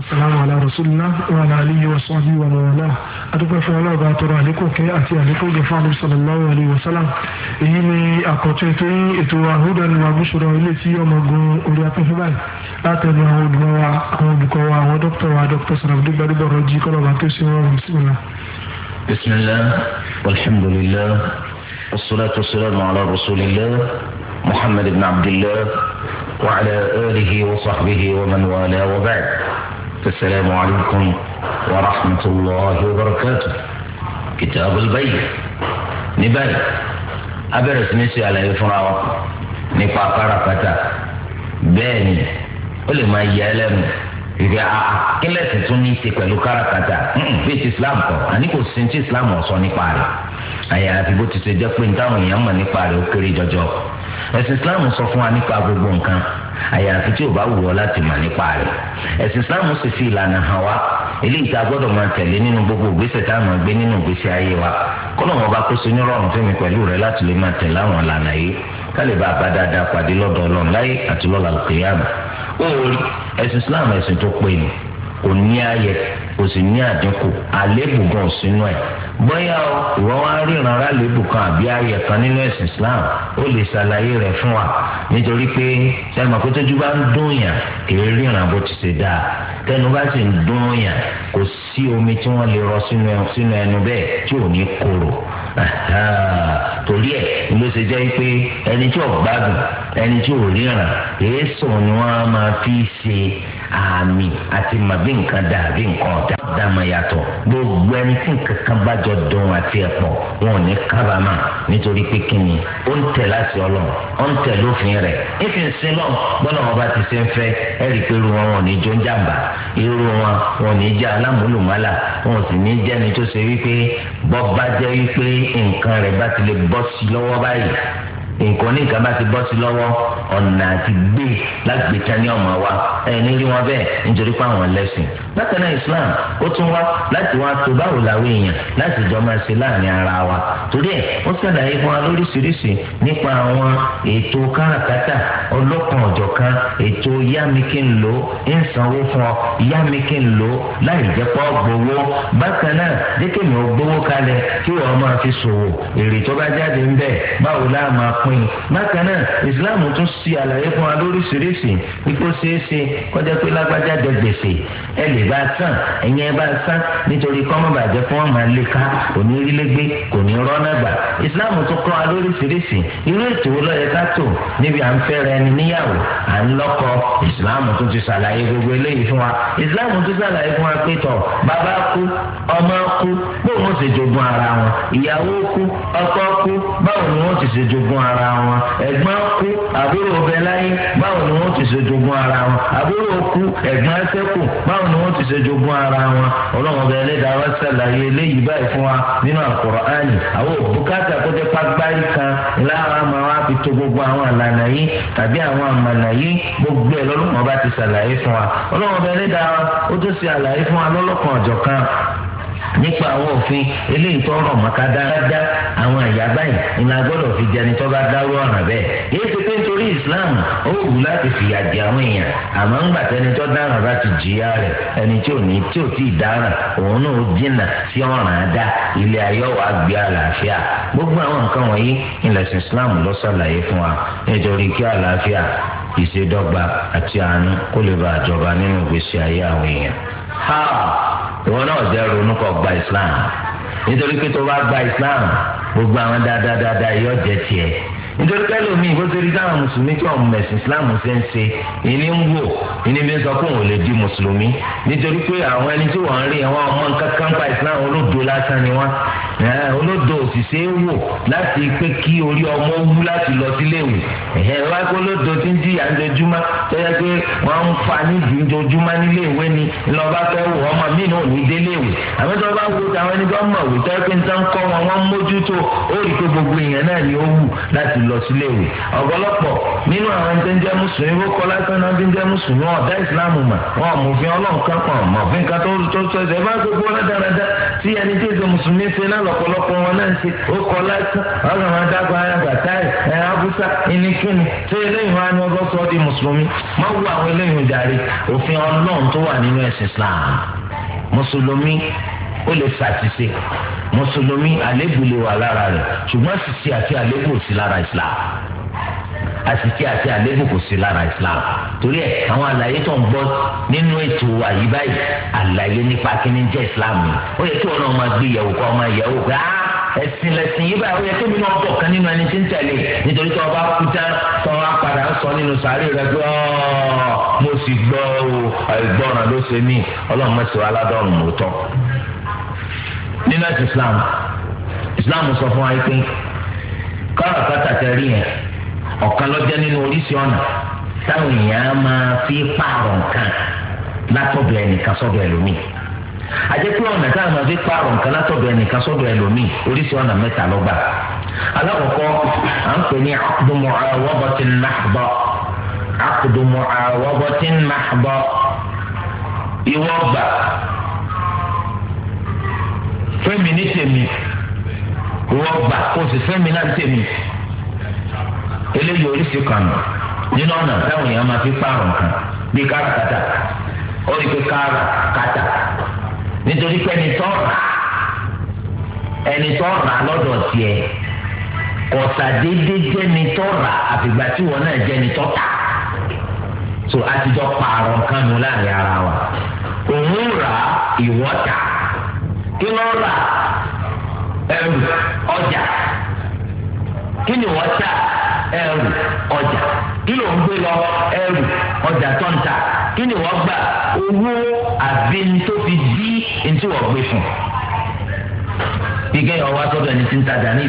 السلام على رسولنا وعلى آله وصحبه ومن والاه أدوك في الله عليكم كي أتي عليكم جفعل صلى الله عليه وسلم إني أكتوتي إتوا هدى وبشرى إليتي يوم أقول أولي أتفبال أتنى هدوى ودكوى ودكتوى ودكتوى سنبدي بادي بروجي كل وقت بسم الله بسم الله والحمد لله والصلاة والسلام على رسول الله محمد بن عبد الله وعلى آله وصحبه ومن والاه وبعد السلام عليكم ورحمة الله وبركاته كتاب البيع نبال أبرز نسي على إفراوة nípa kárakáta bẹ́ẹ̀ ni ó lè máa yẹ ẹlẹ́nu ìgbà kílẹ̀sì tún ní í ṣe pẹ̀lú kárakáta bí ti islam kọ àní kò sí ti islam ọ̀sọ́ nípa rẹ̀ àyà àti bó ti ṣe jẹ́ pé ní táwọn èèyàn mọ̀ nípa rẹ̀ ó kéré jọjọ ẹ̀sìn islam sọ fún wa nípa gbogbo nǹkan àyàfi tí o bá wù ọ láti ma nípa rẹ̀ ẹ̀sìn islam sì fi ìlànà hàn wá eléyìí tá a tẹ̀lé nínú gbogbo ìgbésẹ̀ tá a máa gbé nínú ìgbésí ayé wa kọlọ wọn bá kó sí ní rọrùn fún mi pẹ̀lú rẹ láti lè máa àwọn ìlànà yìí bá a bá dáadáa pàdé láyé kò sì ní àdínkù àléébù gan sínú ẹ̀ bóyá o ìwọ wá ríran aráàlébù kan àbí ààyè kan nínú ẹ̀sìn Islam ó lè ṣàlàyé rẹ̀ fún wa nítorí pé sẹ́mi àkótójú bá ń dún yàn kì í ríran bó ti ṣe dáa tẹnu bá sì ń dún yàn kò sí omi tí wọ́n lè rọ sínú ẹnu bẹ́ẹ̀ tí ò ní korò torí ẹ ló ṣe jẹ́ pé ẹni tí ò gbádùn ẹni tí ò ríran èé ni wọ́n máa fi ṣe àmì àti màbí nǹkan dà àbí nǹkan ọ̀dà dàmà yàtọ̀ gbogbo ẹni tí nǹkan kan bá jọ dùn àti ẹ̀pọ̀ wọn ò ní kábàámà nítorí pé kí ni ó ń tẹ̀ láti ọlọ́run ó ń tẹ̀ lófin rẹ̀ ìfi ńsin lọ bọ́lá wọn bá ti ṣe ń fẹ́ ẹ rí i pé irú wọn wọn ò ní jó ń jàǹbá irú wọn wọn ò ní jẹ́ alámúlùmálà wọn ò sì ní jẹ́ tó ṣe wípé bọ́ bá jẹ́ wípé nǹkan rẹ̀ bá ti lè bọ́ sí lọ́wọ́ báyìí nǹkan oníkan bá ti bọ́ sí lọ́wọ́ ọ̀nà àti gbé lágbèéká ní ọmọ wa ẹni rí wọn bẹ́ẹ̀ nítorí pé àwọn lẹ́sìn bákan náà Islam ó tún wá láti wá tó báwo làwọn èèyàn láti jọ máa ṣe láàrin ara wa torí ẹ̀ ó ṣàlàyé fún wa lóríṣiríṣi nípa àwọn ètò káràkátà ọlọ́kan ọ̀jọ̀kan ètò yámikí ń lò ń sanwó fún ọ yámikí ń lò láì jẹ́ pọ́ gbowó bákan náà jẹ́ kéèyàn gbowó kalẹ̀ kí wọ́n máa fi ṣòwò èrè tó bá jáde ń bẹ̀ fún yìí bákan náà ìsìláàmù tún ṣe àlàyé fún wa lóríṣiríṣi ipò ṣeéṣe kọjá pé lágbájá jẹ gbèsè ẹ lè bá a sàn ẹ̀yìn ẹ bá a sàn nítorí kọ́mọ́ bàjẹ́ fún ọmọ alẹ́ ká kò ní rí lẹ́gbẹ́ kò ní rọ́nà gbà ìsìláàmù tún kọ́ wa lóríṣiríṣi irú ètò wo lọ́yẹ ká tò níbi à ń fẹ́ra ẹni níyàwó à ń lọ́kọ ìsìláàmù tún ti ṣàlàyé gbogbo eléyìí fún wa ìsìláàmù tún ṣàlàyé fún wa pé tọ̀ bàbá kú ọmọ kú bóun ó sì jogún ara wọn ìyàwó kú ọkọ kú báwo ni wọn ti ṣe jogún ara ara wọn ẹ̀gbọ́n kú àbúrò ọbẹ láyé báwo ni wọ́n ti ṣe jogún ara wọn àbúrò kú ẹ̀gbọ́n ṣẹ́kù báwo ni wọ́n ti ṣe jogún ara wọn ọlọ́run ọbẹ ẹlẹ́dàá wá ṣàlàyé eléyìí báyìí fún wa nínú àkùránì àwọn òbúkátà kó jẹ́ pàgbáyé kan lára máa wá fi tó gbogbo àwọn àlànà yìí tàbí àwọn àmàlà yìí gbogbo ẹ̀ lọ́lọ́run ọba ti ṣàlàyé fún wa ọlọ́run ọbẹ ẹlẹ́dàá ó tó ṣe àlàyé fún wa lọ́lọ́kan àwọn àyà báyìí ìlà fi jẹni tó bá dárú ọ̀ràn bẹ́ẹ̀ yéé ti pé nítorí islam ó wù láti fìyà jẹ àwọn èèyàn àmọ́ ńgbà tẹni tó dáràn bá ti jìyà rẹ̀ ẹni tí ò ní tí ò tí ì dáràn òun náà ó jìnnà gbogbo àwọn nǹkan wọ̀nyí ìlẹ̀sìn islam fún wa nítorí kí àlàáfíà àti àánú kó lè àjọba nínú ìgbésí ayé àwọn èèyàn. ha gba islam nítorí pé tó bá islam gbogbo àwọn dáadáa dáadáa yóò jẹ tiẹ̀ nítorí pẹ́lú mi ìbò torí táwọn mùsùlùmí tí ọ̀hún mẹ̀sìn ìsìláàmù ṣe ń ṣe ìní ń wò ìní bí sọ pé òun lè di mùsùlùmí nítorí pé àwọn ẹni tí wọ́n ń rí àwọn ọmọ nǹkan kan pa ìsìláàmù olódo lásán ni wọ́n olódo òṣìṣẹ́ wò láti pé kí orí ọmọ wú láti lọ síléèwé ẹ̀hẹ́ wá pé olódo ti ń di àjọjúmọ́ tó yẹ pé wọ́n ń fa níbi ìjọjúmọ́ níléèwé ni lọ́ba fẹ́ wò ọmọ mi náà ní déléèwé àmọ́ tó bá wo tàwọn ẹni tó mọ̀ wò tó yẹ pé ń tán kọ́ wọn wọ́n mójútó ó rí i pé gbogbo èèyàn náà ni ó wù láti l lọ sílé ìwé ọ̀gọ́lọ́pọ̀ nínú àwọn tó ń jẹ́ mùsùlùmí ó kọ́ lásán náà bí ń jẹ́ mùsùlùmí ọ̀dá ìsìláàmù mà wọn mòfin ọlọ́ọ̀kan na mọ̀fin kan tó tó ọrụ ẹ̀sẹ̀ bá gbogbo wọn dáradára tí ẹni tí èso mùsùlùmí ṣe náà lọ́pọ̀lọpọ̀ wọn náà ń ṣe ó kọ́ lásán ọ̀sán mùsùlùmí àlébù lè wà lára rẹ̀ ṣùgbọ́n àṣìṣe àti àlébù ò sí lára islam àṣìṣe àti àlébù kò sí lára islam torí ẹ̀ àwọn àlàyé tó ń gbọ́ nínú ètò àyíbáyì àlàyé nípa kíní jẹ́ islam ni ó yẹ kí wọn náà máa gbé ìyàwó kọ́ ọmọ ìyàwó gbá ẹ̀sìn lẹ̀sìn yìí báyìí ó yẹ kémi náà bọ̀ kan nínú ẹni tí ń tẹ̀lé nítorí tó o bá kú tán tó o padà ń sọ nínú sàárè rẹ pé oh, mo sì gbọ́ o àìgbọ́ràn ló ṣe mí ọlọ́run mọ̀ sí wa mọ́tọ́ nínú ẹ̀sìn islam islam sọ fún wa pé káràkátà tẹ rí yẹn ọ̀kan lọ́jọ́ nínú oríṣi ọ̀nà táwọn èèyàn máa fi pààrọ̀ nǹkan látọ̀dọ̀ ẹnìkan sọ́dọ̀ ẹlòmíì àjẹpẹ́ ọ̀nà táwọn máa fi pààrọ̀ nǹkan látọ̀dọ̀ ẹnìkan sọ́dọ̀ ẹlòmíì oríṣi ọ̀nà mẹ́ta ló alákọ̀ọ́kọ́ à ń pè ní àkùdùmọ̀ àwọ̀bọ̀tìn nàbọ̀ àkùdùmọ̀ àwọ̀bọ̀tìn nàbọ̀ ìwọ́gbà fẹ́mi ní tèmi wọ́n gbà kó sì fẹ́mi náà tèmi eléyìí oríṣi kan nù nínú ọ̀nà táwọn èèyàn máa fi pààrọ̀ nǹkan bíi káràkátà ó rí pé káràkátà nítorí pé ẹni tó rà ẹni tó rà lọ́dọ̀ tiẹ̀ kọ̀sàdédé jẹ́ni tó rà àfìgbà tí wọn náà jẹ́ni tó tà so àtijọ́ pààrọ̀ nǹkan nù láàrin ara wa òun rà ìwọ kí ló rà ẹrù ọjà kí ni wọ́n tà ẹrù ọjà kí ló ń gbé lọ ẹrù ọjà tó ń tà kí ni wọ́n gbà owó àbí tó fi dí ntí wọ́n gbé fún bí kéèyàn wá sọ́dọ̀ ẹni tí ń tajà ní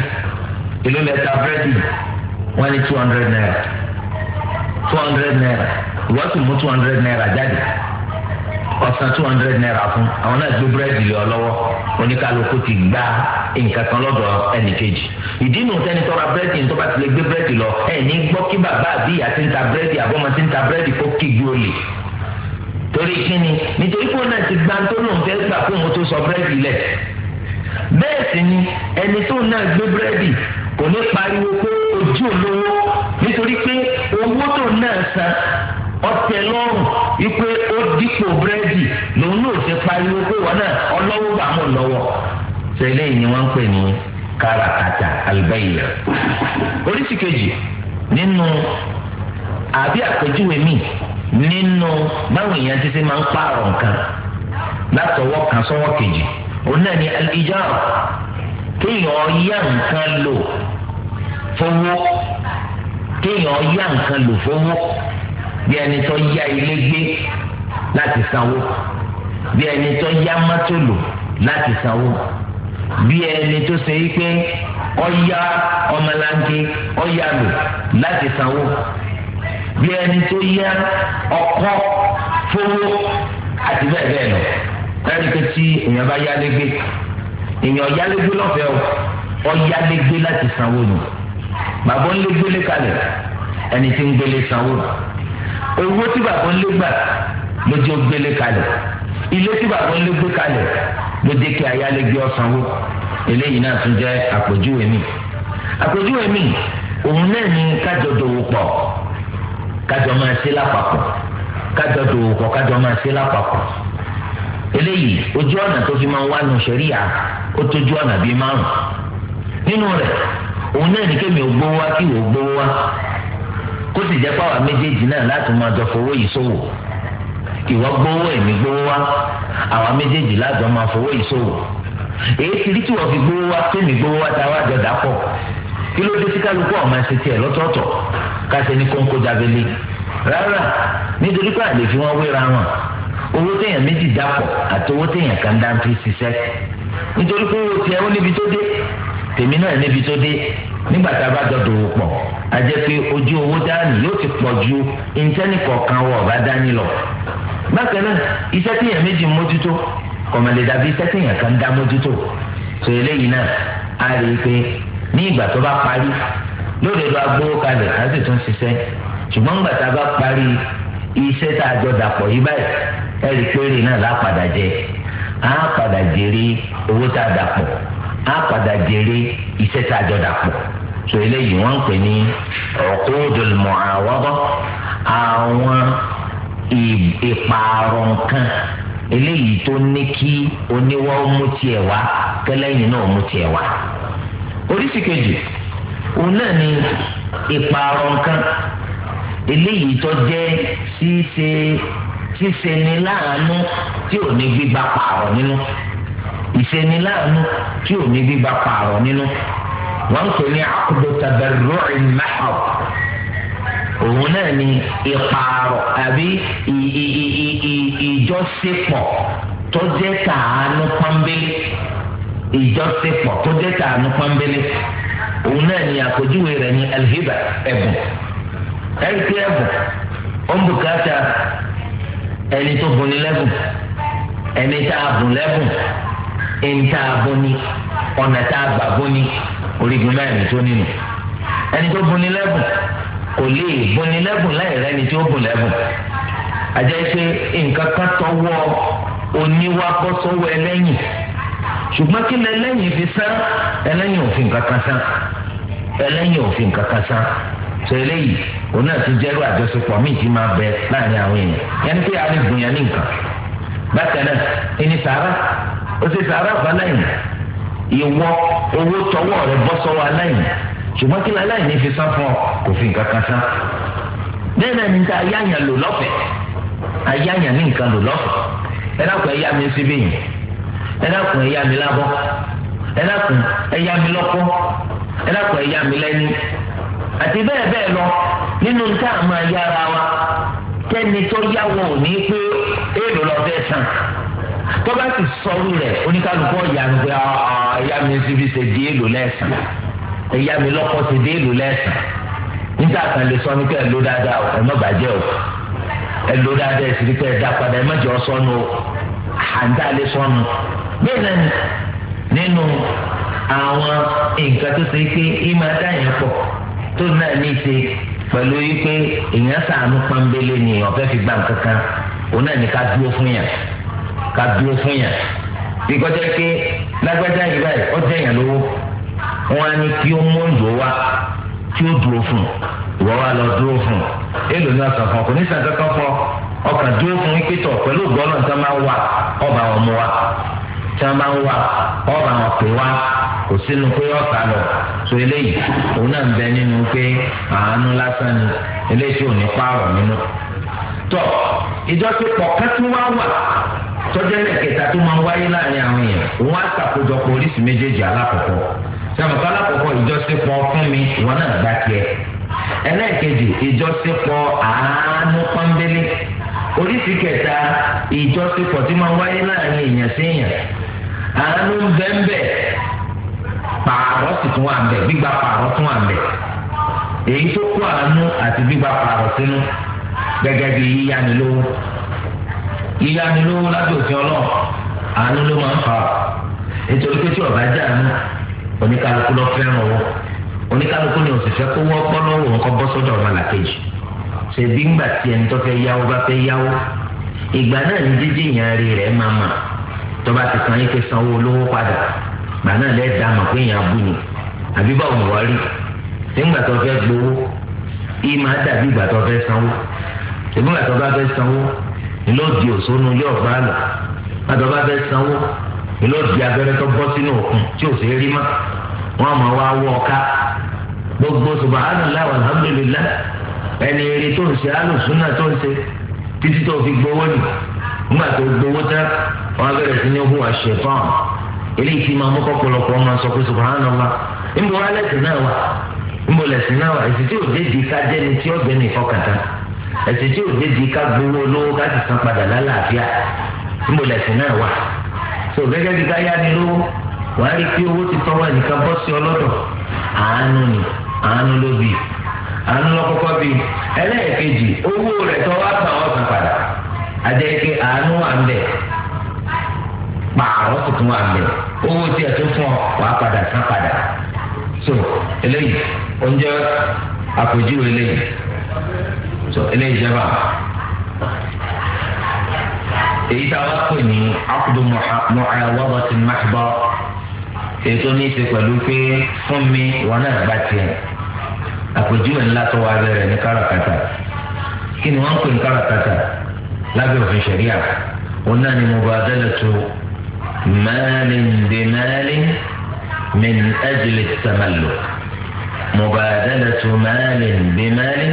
ìlú lẹ́tà búrẹ́dì wọ́n ní two hundred naira two hundred naira ìwọ́n mú two hundred naira jáde ọ̀sán two hundred naira fún àwọn náà gbé búrẹ́dì lé ọ lọ́wọ́ oníkálukú ti gba nǹkan kan lọ́dọ̀ ẹnìkejì ìdí nù sẹ́ni tọ́ra búrẹ́dì ní tó bá ti lè gbé búrẹ́dì lọ ẹ̀ní gbọ́ kí bàbá àbí ìyá ti ń ta búrẹ́dì àbọ́mọ ti ń ta búrẹ́dì kó kígbe olè torí kíni nítorí pé òun náà ti gba tó lóun fẹ́ gbà fún òun tó sọ búrẹ́dì lẹ̀ bẹ́ẹ̀ sì ni ẹni tó náà gbé búrẹ́dì kò ní pariwo pé ojú olówó nítorí pé owó tó náà san ọtẹ lọ́rùn wípé ó dípò búrẹ́dì lòun náà ṣe pariwo pé wọn náà ọlọ́wọ́ gbà mọ̀ lọ́wọ́ ṣe ni wọ́n ń pè ní káràkátà ninu oríṣi kejì nínú àbí àpèjúwe míì nínú báwọn èèyàn títí máa ń pààrọ̀ nǹkan látọwọ́ kan sọ́wọ́ kejì òun náà ni al kéèyàn yá nǹkan lò fowó kéèyàn bí ẹni tó yá ilé gbé láti sanwó bí ẹni tó yá mọ́tò lò láti sanwó bí ẹni tó ṣe yí pé ọ̀yá ọmọlanke ọ̀yá lò láti sanwó bí ẹni tó yá ọkọ̀ fowó àti bẹ́ẹ̀ bẹ́ẹ̀ lọ ẹni pé tí èèyàn bá yálégbé èèyàn yálégbé lọ́fẹ̀ẹ́ o ọ̀yálégbé láti sanwó nù bàbá ń lé gbélé ẹni tí ń gbélé sanwó nù owó tí bàbá ń lé gbà ló jẹ́ ògbélé kalẹ̀ ilé tí bàbá ń lé gbé kalẹ̀ ló jẹ́ kí ayálégbé ọ̀sánwó eléyìí náà tún jẹ́ àpèjúwe mi àpèjúwe mi òun náà ní kájọ dòwò pọ̀ kájọ máa ṣe lápapọ̀ kájọ dòwò pọ̀ kájọ máa ṣe lápapọ̀ eléyìí ojú ọ̀nà tó fi máa ń wá nu ṣẹ̀ríyà ó tójú ọ̀nà bíi márùn nínú rẹ̀ òun náà ní kémi ò wá kí ìwò gbówó wá kó sì jẹ́ pàwọn méjèèjì náà láti máa jọ fowó yìí ṣòwò ìwọ gbowó èmi gbowó wá àwọn méjèèjì lájọ máa fowó yìí ṣòwò èyí ti rí tí wọ́n fi gbowó wá tèmi gbowó wá tá a wá jọ dà pọ̀ kí ló dé tí kálukú ọmọ ẹsẹ tiẹ̀ lọ́tọ̀ọ̀tọ̀ káṣẹ ní kóńkó jábélé rárá nítorí pé àlè fi wọn wéra wọn owó téèyàn méjì dàpọ̀ àti owó téèyàn kan dá ń fi ṣiṣẹ́ nítorí pé owó tiẹ̀ ó níbi tó dé tèmi náà níbi tó dé nígbà tá a bá dọ̀dọ̀ wò pọ̀ a jẹ́ pé ojú owó dání yóò ti pọ̀ ju ìńtẹ́nì kọ̀ọ̀kan wọ̀ ọ̀bá dání lọ. bákan náà iṣẹ́ tíyàn méjì mójútó kọ̀mọ̀lẹ́ dàbí iṣẹ́ tíyàn kan dá mójútó tó eléyìí náà a rí i pé ní ìgbà tó bá parí lóde ló agbówó kalẹ̀ á sì tún ṣiṣẹ́ ṣùgbọ́n ìgbà tá a bá parí iṣẹ́ tá a jọ dàpọ̀ yí báyìí ẹ̀rí péré náà lápadà jẹ á padà jèrè owó tá a dàpọ̀ tó eléyìí wọ́n ń pè ní uqudul mu'awada àwọn ìpààrọ̀ nǹkan eléyìí tó ní kí oníwọ́ mú tiẹ̀ wá kẹlẹ́yìn náà mú tiẹ̀ wá. oríṣi kejì òun náà ni ìpààrọ̀ nǹkan eléyìí tó jẹ́ ṣíṣe ṣíṣe tí ò ní gbígba pààrọ̀ nínú ìṣe tí ò ní gbígba pààrọ̀ nínú wọ́n ń pè ní akudu tabarru'i mahab òun náà ni ìpààrọ̀ àbí ìjọsepọ̀ tó jẹ́ tàánú pọ́nbélé ìjọsepọ̀ tó jẹ́ tàánú pọ́nbélé òun náà ni àpèjúwe rẹ̀ ní alhiba ẹ̀bùn ẹ̀ríkì ẹ̀bùn ó ń bùkátà ẹni tó bùn ní lẹ́bùn ẹni tá a bùn lẹ́bùn ẹni tá a bùn ní ọ̀nà tá a gbà bùn ní orígun mẹ́rin tó nínú ẹni tó bùn ní lẹ́bùn kò lè bùn ní lẹ́bùn láì rẹ́ni tí ó bùn lẹ́bùn àjẹ́ pé nǹkan kan tọwọ́ oníwà bọ́ sọ́wọ́ ẹlẹ́yìn ṣùgbọ́n kí lẹ́lẹ́yìn fi sán ẹlẹ́yìn òfin kankan sán ẹlẹ́yìn òfin kankan sán sọ eléyìí òun náà ti jẹ́rú àjọṣepọ̀ míì ti máa bẹ láàrin àwọn èèyàn yẹn pé a lè gbìyànjú nǹkan bákan náà ẹni sàárà ó ṣe sàárà fọlẹ́yìn ìwọ owó tọwọ́ rẹ bọ́ sọ́wọ́ aláìní ṣùgbọ́n kí aláìní fi san fún ọ kò fi nǹkan kan san bẹ́ẹ̀ náà ní ta ayáyàn lò lọ́fẹ̀ẹ́ ayáyàn ní nǹkan lò lọ́fẹ̀ẹ́ ẹ dákun ẹ yá mi síbí yìí ẹ dákun ẹ yá mi lábọ́ ẹ dákun ẹ yá mi lọ́kọ́ ẹ dákun ẹ yá mi lẹ́ni àti bẹ́ẹ̀ bẹ́ẹ̀ lọ nínú tá a máa yára wa kẹ́ni tó yáwó ní pé èèlò lọ fẹ́ san tó bá ti sọrú rẹ̀ oníkálukú ọ̀yà ń gbé ẹ̀yà mi síbi ṣe di èlò lẹ́sàn ẹ̀yà mi lọ́kọ̀ ṣe di èlò lẹ́sàn níta kan lè sọ ní kẹ́ ẹ̀ ló dáadáa ẹ̀ má bàjẹ́ o ẹ̀ ló dáadáa ẹ̀ sì ní kẹ́ ẹ̀ dá padà ẹ̀ má jẹ́ ọ̀sọ́nu àǹtá lè sọnù bẹ́ẹ̀ nínú àwọn nǹkan tó ṣe pé ìmọ̀ dáyẹn pọ̀ tó náà ní ṣe pẹ̀lú wípé èèyàn sàánú pọ́nbélé ni ọ̀fẹ́ fi gbà kankan òun náà ní ká dúró fún yàn ka dúró fún yàn bí kọjá pé lágbájá yìí báyìí ó jẹ yàn lówó wọn á ní kí ó mú ìlú wá kí ó dúró fún ìwọ wa lọ dúró fún èlò ní ọsàn kan kò ní sàn kankan ọkàn dúró fún tí wọn máa ń wà ọba wa tí wọn máa ń wà ọba kò sínú pé lọ eléyìí òun náà ń bẹ nínú pé àánú lásán tọ́jọ́ ẹlẹ́kẹta tó máa ń wáyé láàrin àwọn èèyàn wọ́n á ṣàkójọpọ̀ oríṣi méjèèjì alákọ̀ọ́kọ́ sàmùkọ́ alákọ̀ọ́kọ́ ìjọsìnpọ̀ fún mi wọn náà gbá tiẹ̀ ẹlẹ́ẹ̀kejì ìjọsìnpọ̀ àánú pọ́nbélé oríṣi kẹta ìjọsìnpọ̀ tí máa ń wáyé láàrin èèyàn sí èèyàn àánú ń bẹ ń bẹ pààrọ̀ sì tún wà ń bẹ pààrọ̀ tún wà ń èyí tó kó àánú àti gbígba pààrọ̀ sínú gẹ́gẹ́ bí yíyanilówó ìyanilówó lábẹ́ òfin ọlọ́run àánú ló máa ń fa nítorí pé tí ọ̀gá jà oníkálukú lọ fẹ́ràn oníkálukú ni òṣìṣẹ́ kó bọ́ sọ́dọ̀ làkejì ńgbà tí ẹni tó fẹ́ yáwó bá fẹ́ yáwó ìgbà náà sanwó olówó padà gbà náà lẹ́ẹ̀ dá pé abú ni àbí báwo wọ́n rí nígbà tó fẹ́ gbowó ìmọ̀ ìlòdì òsónú ilé ọ̀gbá lọ bàtà bá fẹ́ sanwó ìlòdì abẹ́rẹ́ tó bọ́ sínú òkun tí ò sí rí mọ́ wọn wá wọ ọ̀ka gbogbo subhanallah walhamdulillah ẹni eré tó ń ṣe alùsùnà tó ń ṣe títí tó fi gbowó nì nígbà tó gbowó tán wọn bẹ̀rẹ̀ sí ní hùwà ṣẹ̀fọ́n eléyìí ti máa mú kọ́pọ̀lọpọ̀ máa sọ pé subhanallah níbo wá lẹ́sìn náà wà níbo lẹ́sìn náà wà etiti tí ò dédi ká gbowó olówó ká sì san padà lálàáfíà níbo lẹ̀sìn náà wà so gẹ́gẹ́ bí ká yá ni lówó wà á rí pé owó ti tọ́wọ́ ẹnìkan bọ́ sí ọlọ́dọ̀ àánú ni àánú ló bì àánú lọ́kọ́kọ́ bì ẹlẹ́ẹ̀kejì owó rẹ̀ tọ́wọ́ àtàn ọ̀sán padà ajẹ́ àánú wà ń bẹ̀ tuntun wà ń owó tí ẹ tó fún so eléyìí oúnjẹ àpèjúwe eléyìí. tó eléyìí jẹba èyí tá a wá pè ní akudu muhawawa ti mahbọ èyí tó ní í ṣe pẹ̀lú pé fún mi wọn náà bá tiẹ̀ àpèjúwe ńlá tó wá bẹ̀rẹ̀ ní káràkátà kí ni wọ́n ń pè ní káràkátà lábẹ́ òfin ṣẹ̀ríà wọn náà ni mubadalatu malin bi malin min ajli tamalluq mubadalatu malin bi malin.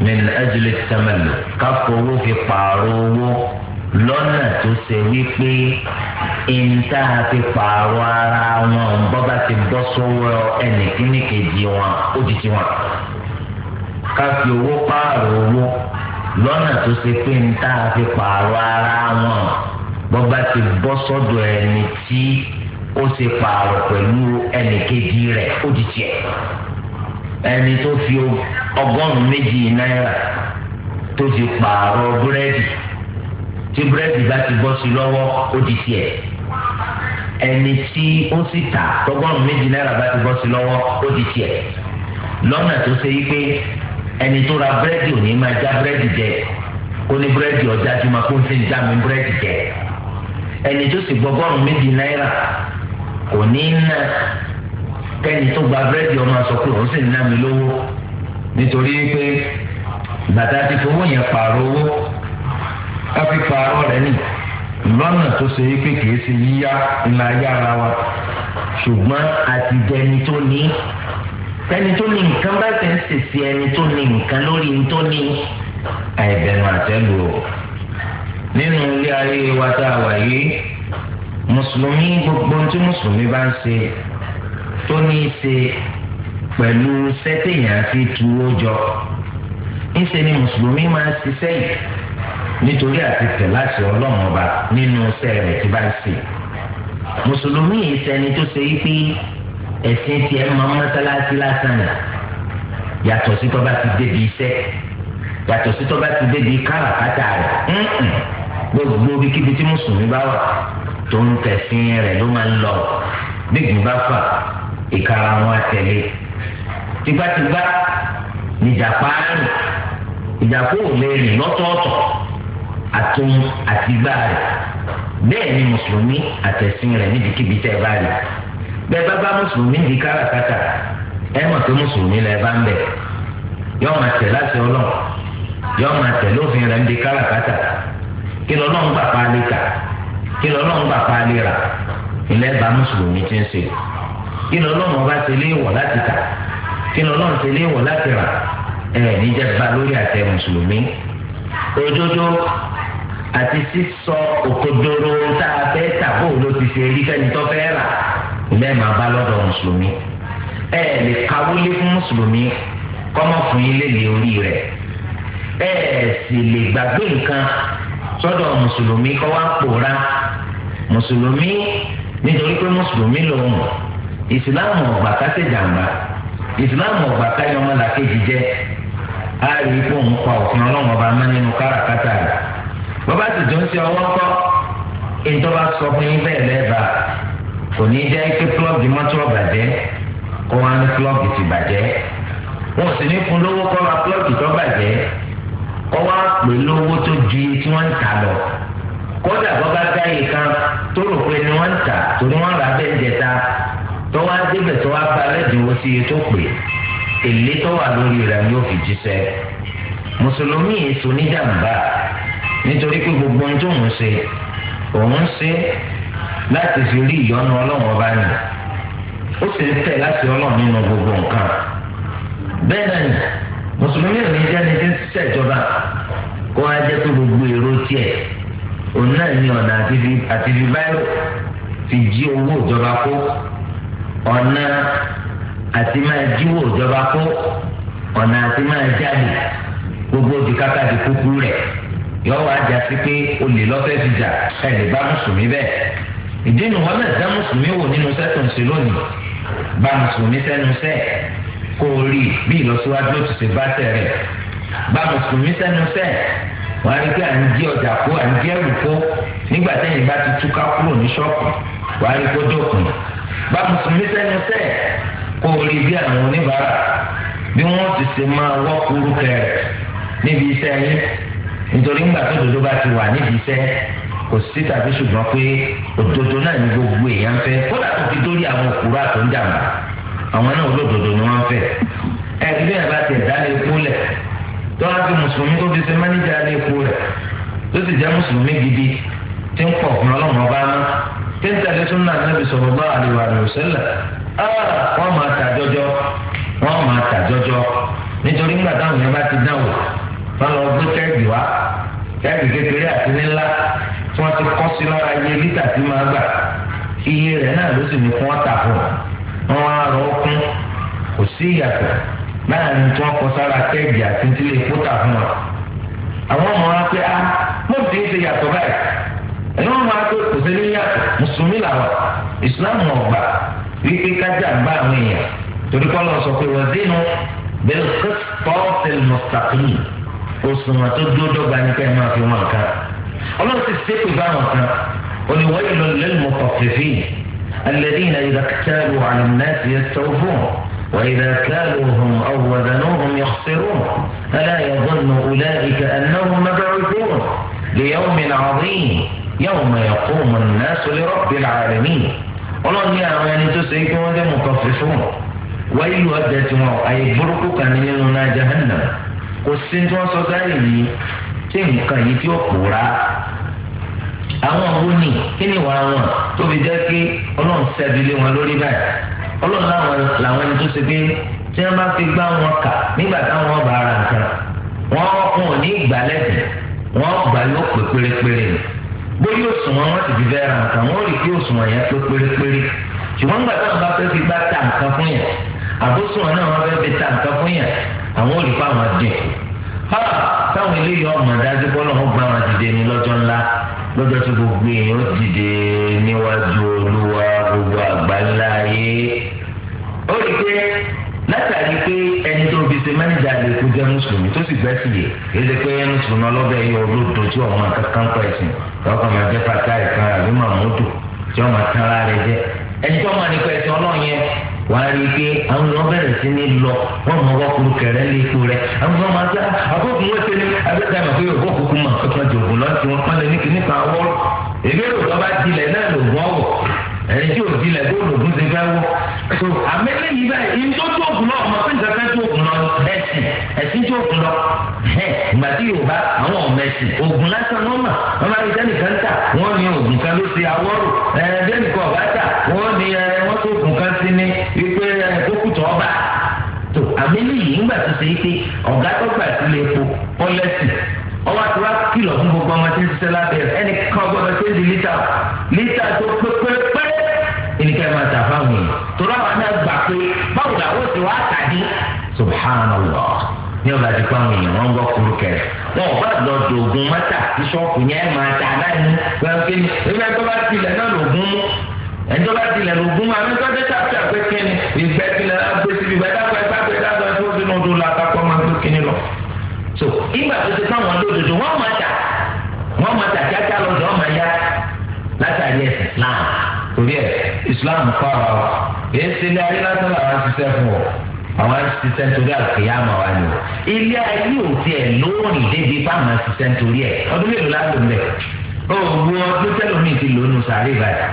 min ajili tamalu káfowó fi pààrọ̀ owó lọ́nà tó ṣe wípé ìńtà fi pààrọ̀ ara wọn bọ́bá ti bọ́ sọ́wọ́ ẹnì kíní kejì wọn ó di tiwọn. káfi owó pààrọ̀ owó lọ́nà tó ṣe pé ìńtà fi pààrọ̀ ara wọn bọ́bá ti bọ́ sọ́dọ̀ ẹni tí ó ṣe pààrọ̀ pẹ̀lú ẹnì kejì rẹ̀ ó di tiẹ̀. ẹni tó fi owó ọgọ́rùn-ún méjì náírà tó fi pààrọ̀ búrẹ́dì tí búrẹ́dì bá ti bọ́ sí lọ́wọ́ ó di tiẹ̀ ẹni tí ó sì tà tọgọ́rùn-ún méjì náírà bá ti bọ́ sí lọ́wọ́ ó di tiẹ̀ lọ́nà tó ṣe wípé ẹni tó ra búrẹ́dì ò ní máa já búrẹ́dì jẹ kó ní búrẹ́dì ọjà tó máa kó ń fi já mi búrẹ́dì jẹ ẹni tó sì gbọgọ́rùn-ún méjì náírà kò ní ná kẹ́ni tó gba búrẹ́dì ọmọ sọ pé òun sì ń ná mi lówó nítorí pé bàtà ti fowó yẹn pààrọ̀ owó ká fi pààrọ̀ rẹ̀ nì lọ́nà tó ṣe é pé kìí ṣe yíyá ńlá yára wa ṣùgbọ́n àtijẹ́ni tó ní tẹni tó ní nǹkan bá ti ń ṣèṣe ẹni tó ní nǹkan lórí ní tó ní àìbẹ̀rù àtẹ́lù o nínú ilé ayé wa tá a wà yìí mùsùlùmí gbogbo tí mùsùlùmí bá ń ṣe tó ní í ṣe pẹ̀lú sẹ́tẹ̀yìn àti tuwó jọ ńṣe ni mùsùlùmí máa ń ṣiṣẹ́ yìí nítorí àti tẹ̀ láti ọlọ́run ọba nínú iṣẹ́ rẹ̀ tí bá ń ṣe mùsùlùmí yìí sẹni tó ṣe yí pé ẹ̀sìn tiẹ̀ máa ń mọ́sálásí lásán nà yàtọ̀ sí tó bá ti débi iṣẹ́ yàtọ̀ sí tó bá ti débi káràkátà rẹ̀ gbogbo ibikíbi tí mùsùlùmí bá wà tó ń tẹ̀sìn rẹ̀ ló máa ń lọ bí gbìn bá fà ìkara wọn àtẹ̀lé tìgbàtìgbà nìjàpá rìn ìjàpá ò lè rìn lọ́tọ̀ọ̀tọ̀ àtún àtìgbà rẹ̀ bẹ́ẹ̀ ni mùsùlùmí àtẹ̀sìn rẹ̀ níbikíbi tẹ́ ẹ bá rí bẹ́ẹ̀ bá bá mùsùlùmí di káràkátà ẹ mọ̀ pé mùsùlùmí lẹ bá ń bẹ̀ yọ́ọ́ máa tẹ̀ láti ọlọ́run yọ́ọ́ máa tẹ̀ lófin rẹ̀ ń di káràkátà kí lọ́nà ń gbà paálí kà kí lọ́nà ń gbà paálí rà ilẹ̀ bá mùsùlùmí ti ń ṣe kí lọ́nà ọba ti léèwọ̀ láti tà kí ni ọlọ́run ti léèwọ̀ láti rà ẹ̀ níjàmbá lórí àtẹ mùsùlùmí òdodo àti sísọ òkodoro tá a fẹ́ tàbó ló ti ṣe rí fẹ́ni tó fẹ́ rà ilé máa bá lọ́dọ̀ mùsùlùmí ẹ lè kawúlé fún mùsùlùmí kọ́mọ fún yín lè lè orí rẹ̀ ẹ sì lè gbàgbé nǹkan sọ́dọ̀ mùsùlùmí kọ́ wá pòórá mùsùlùmí nítorí pé mùsùlùmí lòun ìsìláàmù ọ̀gbà kásẹ̀ jàǹbá ìsìláàmù ọgbà káyọ̀ ọmọ làkejì jẹ́ á rí i fún òun pa òfin ọlọ́run ọba mọ́ nínú káràkátà rẹ̀ bàbá sì tún ṣe ọwọ́ kọ́ ìjọba sọ fún yín bẹ́ẹ̀ lẹ́ẹ̀bà kò ní jẹ́ pé klọ́ọ̀bù mọ́tò ọ̀bàjẹ́ kó wá ní klọ́ọ̀bù ti bàjẹ́ wọn sì ní fún lówó kọ́ wa klọ́ọ̀bù tó bàjẹ́ kọ́ wá pè lówó tó ju iye tí wọ́n ń tà lọ kódà bọ́ bá kan tó rò pé ni wọ́n ń tà torí wọ́n rà bẹ́ẹ̀ tó wá débẹ̀ tó wá bá lẹ́dínwó sí iye tó pè èlé tó wà lórí rẹ̀ yóò fi jíṣẹ́ mùsùlùmí èso níjàmbá nítorí pé gbogbo ohun tó ń ṣe òun ń ṣe láti fi rí ìyọ́nú ọlọ́run ọba nì ó sì ń tẹ̀ láti ọlọ́run nínú gbogbo nǹkan bẹ́ẹ̀ náà ni mùsùlùmí ò ní jẹ́ni tí ń ṣiṣẹ́ ìjọba kó wá jẹ́ pé gbogbo èrò tiẹ̀ òun náà ní ọ̀nà àti fi báyọ̀ fi jí owó ìjọba kó ọ̀nà àti máa jíwò ìjọba kó ọ̀nà àti máa jáde gbogbo dìkátà di kúkú rẹ̀ yọ wá jà sí pé olè lọ́fẹ́ ti jà ẹ lè bá mùsùlùmí bẹ́ẹ̀ ìdí nu wọn mẹ́ta mùsùlùmí wò nínú sẹ́tùn sí lónìí bá mùsùlùmí sẹ́nu sẹ́ kó o rí bí ìlọsíwájú ó ti ṣe bá tẹ̀ bá mùsùlùmí sẹ́nu sẹ́ wọn rí pé à ń jí ọjà kó à ń jí kó nígbà tẹ́yìn bá ti túká kúrò ní ṣọ́ọ̀kù wọn rí kó dókun bá mùsùlùmí sẹ́ni sẹ́ kó o rí bí àwọn oníbàárà bí wọ́n ti ṣe máa wọ́kúrú kẹrẹ níbi iṣẹ́ yín nítorí ńgbà tó dodo bá ti wà níbi iṣẹ́ kò sí tàbí ṣùgbọ́n pé òdodo náà ní gbogbo èèyàn fẹ́ kódà tó fi dórí àwọn òkúrò àtúndàmà àwọn náà olódodo ni wọ́n fẹ́ ẹgbẹ́ ẹ̀ bá ti ẹ̀dá lè kú lẹ̀ tó wá fi mùsùlùmí tó fi ṣe máníjà lè kú lẹ̀ tó sì jẹ́ mùsùlùmí gidi tí ń pọ̀ fún ọlọ́run ọba náà tí ń tẹ̀lé súnà nàbì sallallahu alaihi wa sallam ah, wọ́n máa tà jọjọ́ wọ́n máa tà jọjọ́ nítorí nígbà táwọn yẹn bá ti dán wò wọ́n lọ gbé kẹ́ẹ̀gì wá kẹ́ẹ̀gì kékeré àti nílá tí wọ́n ti kọ́ sí lára iye lítà tí máa gbà iye rẹ̀ náà ló sì ní kí wọ́n fún wọn wọ́n á rọ ọkùn kò sí ìyàtọ̀ láàrin tí wọ́n kọ sára kẹ́ẹ̀gì àti tílé kó tà fún wọn àwọn ọmọ wa pé a ah, mọ̀ ẹ̀yọ́ máa tó kò sí ní yàtọ̀ mùsùlùmí làwọn islam náà gbà wípé kájà ń bá àwọn èèyàn torí kọ́ lọ́ọ́ sọ pé wọ́n dínú bẹ́ẹ̀ kọ́ọ̀tẹ̀lì mọ̀tàkùnì òṣùwọ̀n tó dúró dọ́gba ní ká ẹ máa fi wọn kan ọlọ́run ti ṣépè báwọn kan oníwáyé lọ lẹ́nu mọ̀tàkùnì الذين إذا اكتالوا على الناس يستوفون وإذا كالوهم أو وزنوهم يخسرون ألا يظن أولئك أنهم مبعوثون ليوم عظيم yawma yaqumu an-nasu li rabbil alamin ọlọ́ọ̀ni àwọn ẹni tó ṣe kí wọ́n dé mutaffifun wáyé ìlú ọ̀dẹ tí wọn àyè burúkú kan nínú náà jahannam kò sí tí sọ yìí tí nǹkan yìí tí ó àwọn ni kí ni wàá wọn tóbi jẹ́ kí ọlọ́run ṣẹ́bi lé wọn lórí báyìí làwọn ẹni tó ṣe pé tí bá bóyá òṣùwọ̀n wọn ti fi fẹ́ ra nǹkan wọn ò rí kí òṣùwọ̀n yẹn tó pérépéré ṣùgbọ́n nígbà táwọn bá fẹ́ fi gbá ta nǹkan fún yẹn àbóṣùwọ̀n náà wọn fẹ́ fi ta nǹkan fún yẹn àwọn ò rí pa àwọn dín kù. táwọn eléyìí ọmọ dájú bọ́lá wọn gba àwọn dìde ní lọ́jọ́ ńlá lọ́jọ́ tí gbogbo èèyàn dìde níwájú olúwa gbogbo àgbáńlá ayé. ó rí pé látàrí pé ṣe mẹ́nìjà lè kó jẹ́ mùsùlùmí tó sì gbẹ́sì yẹ èdè pé yẹn mùsùlùmí ọlọ́bẹ̀ yọ olóòótọ́ tí ọmọ kankan pa ẹ̀sìn lọ́kàn máa jẹ́ pàtà ìkan àbí màmúdù tí ọmọ tara rẹ jẹ ẹni tó máa nípa ẹ̀sìn ọlọ́run yẹn wà á rí i pé àwọn èèyàn bẹ̀rẹ̀ sí ní lọ wọ́n mọ ọwọ́ kuru kẹrẹ ní ipò rẹ àwọn èèyàn máa ń sá ní abẹ́ta ìmọ̀ pé òkú òkú ẹni tí òbí lẹ kó lòdùn ti fẹ́ wọ. tó àmẹ́lẹ́ yìí báyìí ní tó tó òkun lọ ọmọ fún ìgbàgbẹ́ tó òkun lọ ẹ̀sìn ẹ̀sìn tó òkun lọ. ìgbà tí yorùbá àwọn ọmọ ẹ̀sìn ògùn lásán wọn mà wọn bá rí jẹ́nìkan tà wọ́n ní ògùn kan ló ti awọ́rò jẹ́nìkan ọ̀bá tà wọ́n ní wọ́n tó ògùn kan sí ní wípé kókùtọ̀ ọba. tó àmẹ́lẹ́ yìí ńgbà tó ṣe pé ọ̀gá tó gbà sílé epo ọlẹ́sìn ọwọ́ àti wá kìlọ̀ fún gbogbo ọmọ tí ń ṣiṣẹ́ lábẹ́ ẹnì kan gbọ́dọ̀ ṣe é di lítà lítà tó pépépé ẹnikẹ́ni máa tà fáwọn yìí torí àwọn náà gbà pé báwo làwọn ti wá tàdí subhanallah ní ọ̀la ti pa àwọn èèyàn wọn gbọ́ kúrú kẹrẹ wọn ò bá lọ dògùn mọ́tà tí ṣọ́ọ̀kù yẹn máa tà náà ní gbẹ̀ngẹ́ ni ebi ẹjọ́ bá tilẹ̀ náà lògùn mú ẹjọ́ bá tilẹ̀ lògùn mú àmì sọ́jọ́ tàbí àpẹkẹ́ni ìgbẹ́ islam kọ́ ọ kìí ṣe ilé ayé lásán làwọn ṣiṣẹ́ fún ọ àwọn ṣiṣẹ́ nítorí àkèyà àmọ́ wa ni ilé ayé ò tiẹ̀ lóòrìn débi bá àwọn ṣiṣẹ́ nítorí ẹ̀ ọdún mélòó láti lò lẹ̀ oògùn ọdún tẹ́lómi ti lónú sàárè báyìí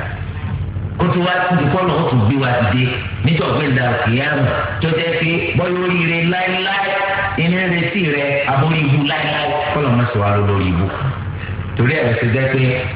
ó ti wá ti kọ́nà ó tún gbé wa dìde nítorí ìdá kìíyàmù tó jẹ́ pé bọ́yọ̀ oríire láéláé iná retí rẹ̀ aborí ibu láéláé kọ́nà mọ́sowárò lórí ibu torí ẹ̀rọ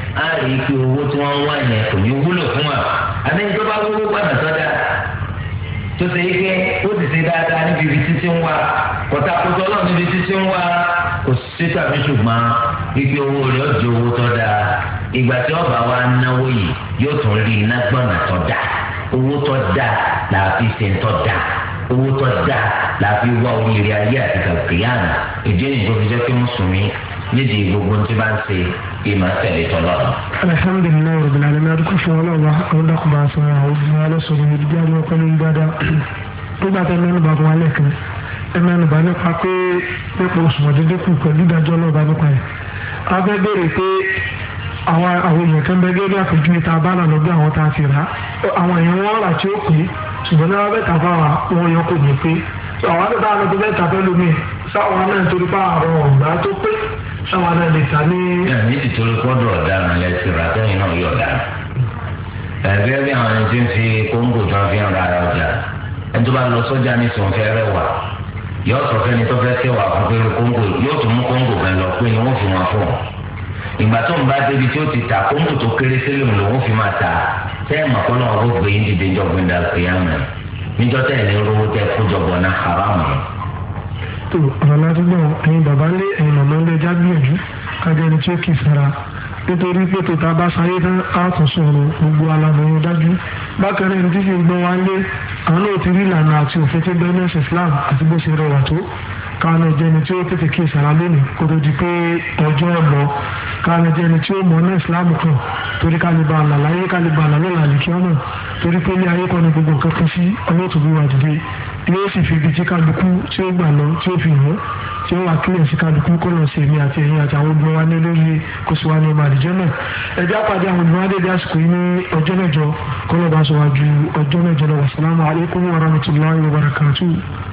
á rí i pé owó tí wọ́n wá yẹn kò ní wúlò fún wa àtẹ̀yìn tó bá wúlò gbàdà sọ́dà tó ṣe é pé ó ti ṣe dáadáa níbi ibi títí ń wa kọ̀tà kótó ọlọ́run níbi títí ń wa kò sí tàbí ṣùgbọ́n ibi owó rẹ̀ ó di owó tó dáa ìgbà tí ọba wa náwó yìí yóò tún rí iná gbọ̀nà tó dáa owó tó dáa làá fi ṣe ń tó dáa owó tó dáa làá fi wá oríire ayé àti kàkìyàn ìdí èyí tó fi jẹ́ pé mùsùlùmí nídìí gbogbo tí bá ń ṣe ìmọ̀ tẹ̀lé tọ́lọ́. alhamdulilayi rabbil alamin adukun fún ọlọ́wà àwọn dàkùnbà sọ̀rọ̀ àwọn obìnrin alásọ̀rọ̀ ní ìdíjà ní ọkọ ní gbàdá nígbà tó mẹ́nu bá wọn lẹ́kẹ́ ẹ mẹ́nu bá nípa pé nípa oṣù mọ̀dédé kù pẹ̀lú ìdájọ́ náà bá nípa yẹn. a fẹ́ béèrè pé àwọn àwọn èèyàn kan bẹ́ẹ́ gẹ́gẹ́ àpèjúwe ta bá lọ́gbẹ́ àwọn tá a ti rà àwọn èèyàn wọn rà tí ó pè ṣùgbọ́n náà bẹ́ẹ̀ tà fáwọn wọn yọ kò ní pé àwọn àti báwọn tó bẹ́ẹ̀ tà fẹ́ lómi sáwọn náà torí pa àwọn ọ̀gbà tó pé sáwọn náà lè ta ní. náà ní ìtòlú kọ́dọ̀ ọ̀daràn lẹ ti rà tẹ́yìn náà yọ̀ ọ̀daràn. ẹ̀gbẹ́ bí àwọn ẹni tí ń fi kóńgò tó ń fi hàn rárá ọjà ẹni tó bá lọ sọ́jà ní sọ̀nfẹ́ rẹ̀ wà yóò sọ fẹ́ni tó fẹ́ tẹ̀wà fún pé kóńgò yóò tún mú kóńgò kan lọ pé wọ́n fi wọn fún ìgbà tó ń bá débi tí ó ti ta kóńgò tó kéré sílẹ̀ òun lòún fi máa ta tẹ́ẹ̀mà kọ́ náà ó gbé yín dìde jọ́gbìn dàgbé àmì níjọ́ tẹ́ẹ̀ ní tó ọ̀rọ̀ láti gbọ́ ẹ̀yin bàbá lé ẹ̀yin màmá lé ẹja gbìyànjú kájọ ẹni tí ó kì í sara nítorí pé tó ta bá sáyé tán á tún sọ̀rọ̀ gbogbo alamọ̀yìn dájú bákan náà ẹni tí kì í gbọ́ wá lé àwọn náà ti rí ìlànà àti òfin tí bẹ́ẹ̀ nọ́ọ̀sì Islam àti bó ṣe rẹwà tó káwọn ẹjẹ ni tí ó tètè kí ìsàrà lónìí kó tó di pé ọjọ́ ọ̀lọ́ káwọn ẹjẹ ni tí ó mọ̀ náà ìsìláàmù kan torí kálíba àlàlá ayé kálíba àlàlá àlìkí ọ̀nà torí pé ní ayé kan ní gbogbo nǹkan kan sí ọlọ́tùbí wà dìde yóò sì fi ibi tí kálukú tí ó gbà lọ tí ó fi hàn tí ó wà kílẹ̀ sí kálukú kó lọ sèmi àti ẹ̀yìn àti àwọn obìnrin wa ní olóyè kó sì wá ní ọmọ àdìjọ náà ẹ̀dá pàdé àwọn olùwà dédé àsìkò yìí ní ọjọ́ mẹ́jọ kó lọ́ba sọ wájú ọjọ́ mẹ́jọ lọ́wọ́ sàlámù alaykum wa rahmatulahi wa barakatuh.